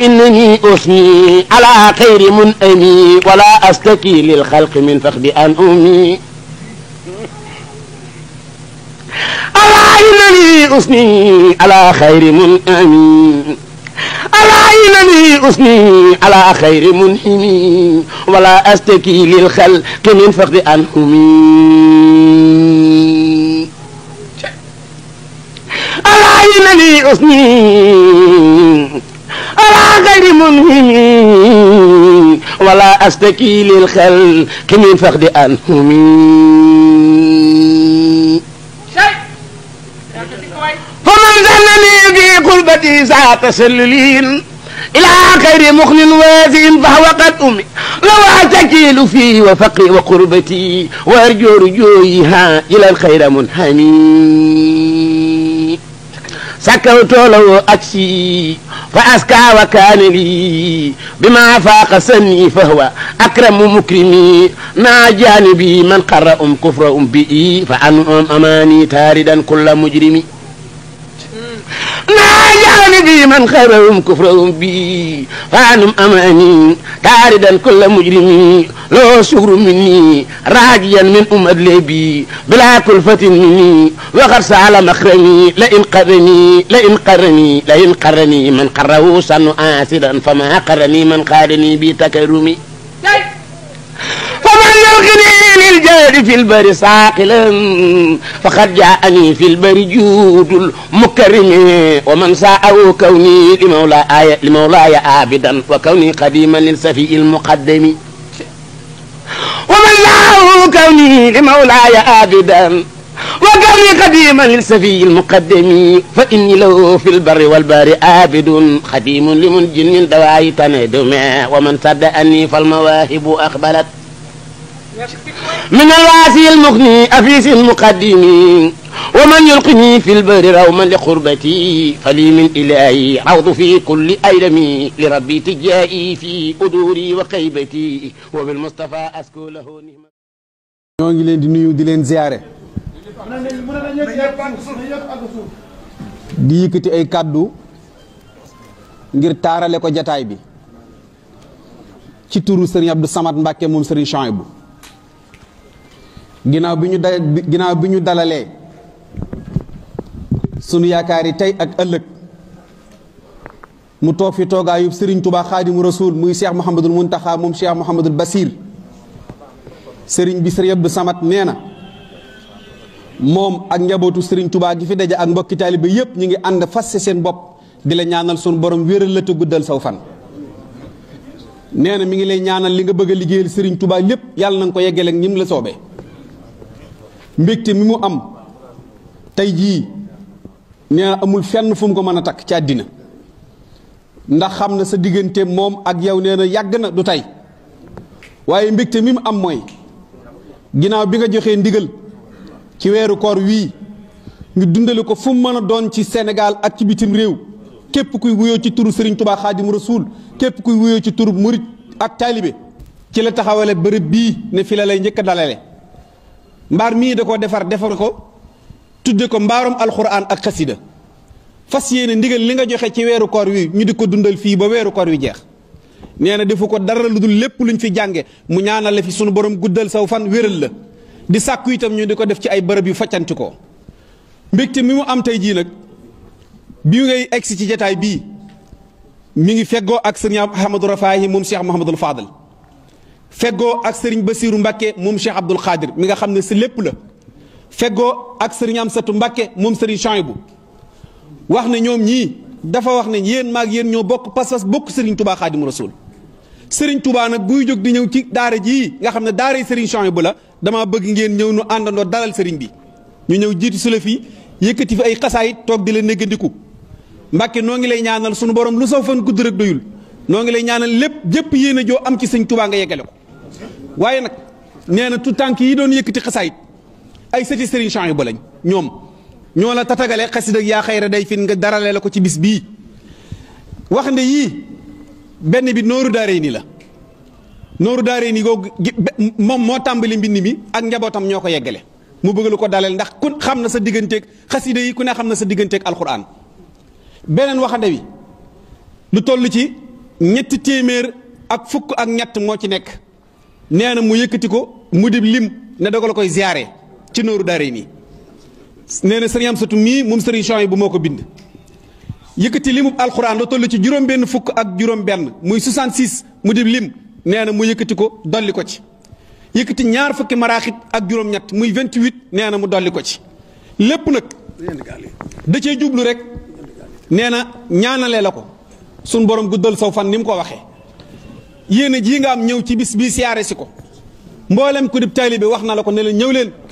إنني أثني على خير منأمي ولا أستكي للخلق من فخد أن أمي ألا إنني أثني على خير منأمي ألا إنني أثني على خير منحمي ولا أستكي للخلق من فخد أن أمي ألا إنني أثني منهمي ولا أستكي للخلق من فقد أنهمي فمن ذنني في قلبتي ساعة تسللين إلى خير مخن وازن فهو قد أمي لو أتكيل فيه وفقري وقربتي وأرجو رجويها إلى الخير منحني سكوت له أكسي فأزكى وكان لي بما فاق سني فهو أكرم مكرمي مع جانبي من قرأ كفرهم به فأنعم أماني تاردا كل مجرمي ما جعلني بي من خيرهم كفرهم بي فانم اماني تاردا كل مجرمي لو شكر مني راجيا من ام ادلبي بلا كلفة مني وغرس على مخرمي لئن قرني لئن قرني لئن قرني من قره سن آسدا فما قرني من قارني بتكرمي البر في البر ساقلا فقد جاءني في البر جود المكرم ومن ساءه كوني لمولاي لمولاي عابدا وكوني قديما للسفي المقدم ومن ساءه كوني لمولاي عابدا وكوني قديما للسفي المقدم فإني له في البر والبار عابد خديم لمنجن من دواعي تندم ومن صدأني فالمواهب أقبلت من الواسي المغني أفيس المقدم ومن يلقني في البر روما لقربتي فلي من إلهي عوض في كل أيلمي لربي تجائي في أدوري وقيبتي وبالمصطفى أسكو له ñoo ngi leen di nuyu di leen ziyaare di yëkkati ay kàddu ngir taarale ko jataay bi ci turu Serigne Abdou Samad Mbacke moom Serigne Chouaïbou ginnaaw bi ñu da ginnaaw bi ñu dalalee sunu yaakaar yi tey ak ëllëg mu toog fi toogaayub Serigne Touba Xaadimu Rasuul muy Cheikh Mouhamadul taxaa moom Cheikh Mouhamadul Basir sëriñ bi Serigne Abdou Samad nee na moom ak njabootu Serigne Touba gi fi daje ak mbokki taalibe yëpp ñu ngi ànd fas seen bopp di la ñaanal sunu borom wéral la te guddal saw fan. nee na mi ngi lay ñaanal li nga bëgg a liggéeyal tubaa Touba lépp yàlla na nga ko yeggale ak ñim la soobee. mbégte mi mu am tey jii nee na amul fenn fu mu ko mën a takk ci àddina ndax xam na sa diggante moom ak yow nee na yàgg na du tey waaye mbégte mi mu am mooy ginnaaw bi nga joxee ndigal ci weeru koor wii ñu dundale ko fu mu mën a doon ci Sénégal ak ci bitim réew képp kuy wuyoo ci turu Serigne Touba Xaadimu Rasuul képp kuy wuyoo ci turu murit ak taalibe ci la taxawale bërëb bii ne fi la lay njëkk a dalale mbaar mii da koo defar defar ko tudde ko mbaarum alxuraan ak xasida fas yéene ndigal li nga joxe ci weeru koor wi ñu di ko dundal fii ba weeru kor wi jeex nee na defu ko dara lu dul lépp luñ fi jànge mu ñaanal la fi sunu borom guddal saw fan wéral la di sàkku itam ñu di ko def ci ay bërëb yu faccanti ko mbégte mi mu am tey jii nag bi ngay egsi ci jataay bii mi ngi feggoo ak sëriñ Ahmadou Rafahi moom Cheikh Mouhamadul Fadal feggoo ak sëriñ Basiiru Mbàkke moom Cheikh Abdul Xaadir mi nga xam ne si lépp la feggoo ak sëriñ am Amsatu Mbàkke moom sëriñ Chaybu wax ne ñoom ñii dafa wax ne yéen maag yéen ñoo bokk pas-pas bokk sëriñ Touba Xaadimu sool sëriñ tubaa nag buy jóg di ñëw ci daara jii nga xam ne daara yi sëriñ bu la damaa bëgg ngeen ñëw nu àndandoo dalal sëriñ bi ñu ñëw jiit sula la fii yëkkati fi ay xasaayit toog di la néggandiku Mbàkke noo ngi lay ñaanal sunu borom lu saw fan gudd rek doyul noo ngi lay ñaanal lépp jëpp yéen a joo am ci sëñ Touba nga ko waaye nag nee na tout tànk yi doon yëkkati xasaayit ay sëti sëriñ champs yu ba lañ ñoom ñoo la tatagale xasida yaa xayra day fin nga darale la ko ci bis bii wax nde yii benn bi nooru daaree nii la nooru daaree nii googu moom moo tàmbali mbind mi ak njabootam ñoo ko yeggale mu bëgg lu ko daleel ndax ku xam na sa digganteeg xasida yi ku ne xam na sa digganteeg alxuraan beneen waxande wi lu toll ci ñetti téeméer ak fukk ak ñett moo ci nekk nee mu yëkkati ko mu dib lim ne da ko la koy ziare ci nooru daare nii nee na sëriñ Amsatu mii moom sëriñ Chouaïb bu moo ko bind yëkkati limub alxuraan la toll ci juróom benn fukk ak juróom benn muy 66 mu dib lim nee na mu yëkkati ko dolli ko ci yëkkati ñaar fukki maraaxit ak juróom-ñett muy 28 nee na mu dolli ko ci lépp nag da cee jublu rek nee na ñaanalee la ko sun borom guddal saw fan ni mu ko waxee yéen a jii nga am ñëw ci bis bii siyaare si ko mboolem ku dib taalibe bi wax na la ko ne la ñëw leen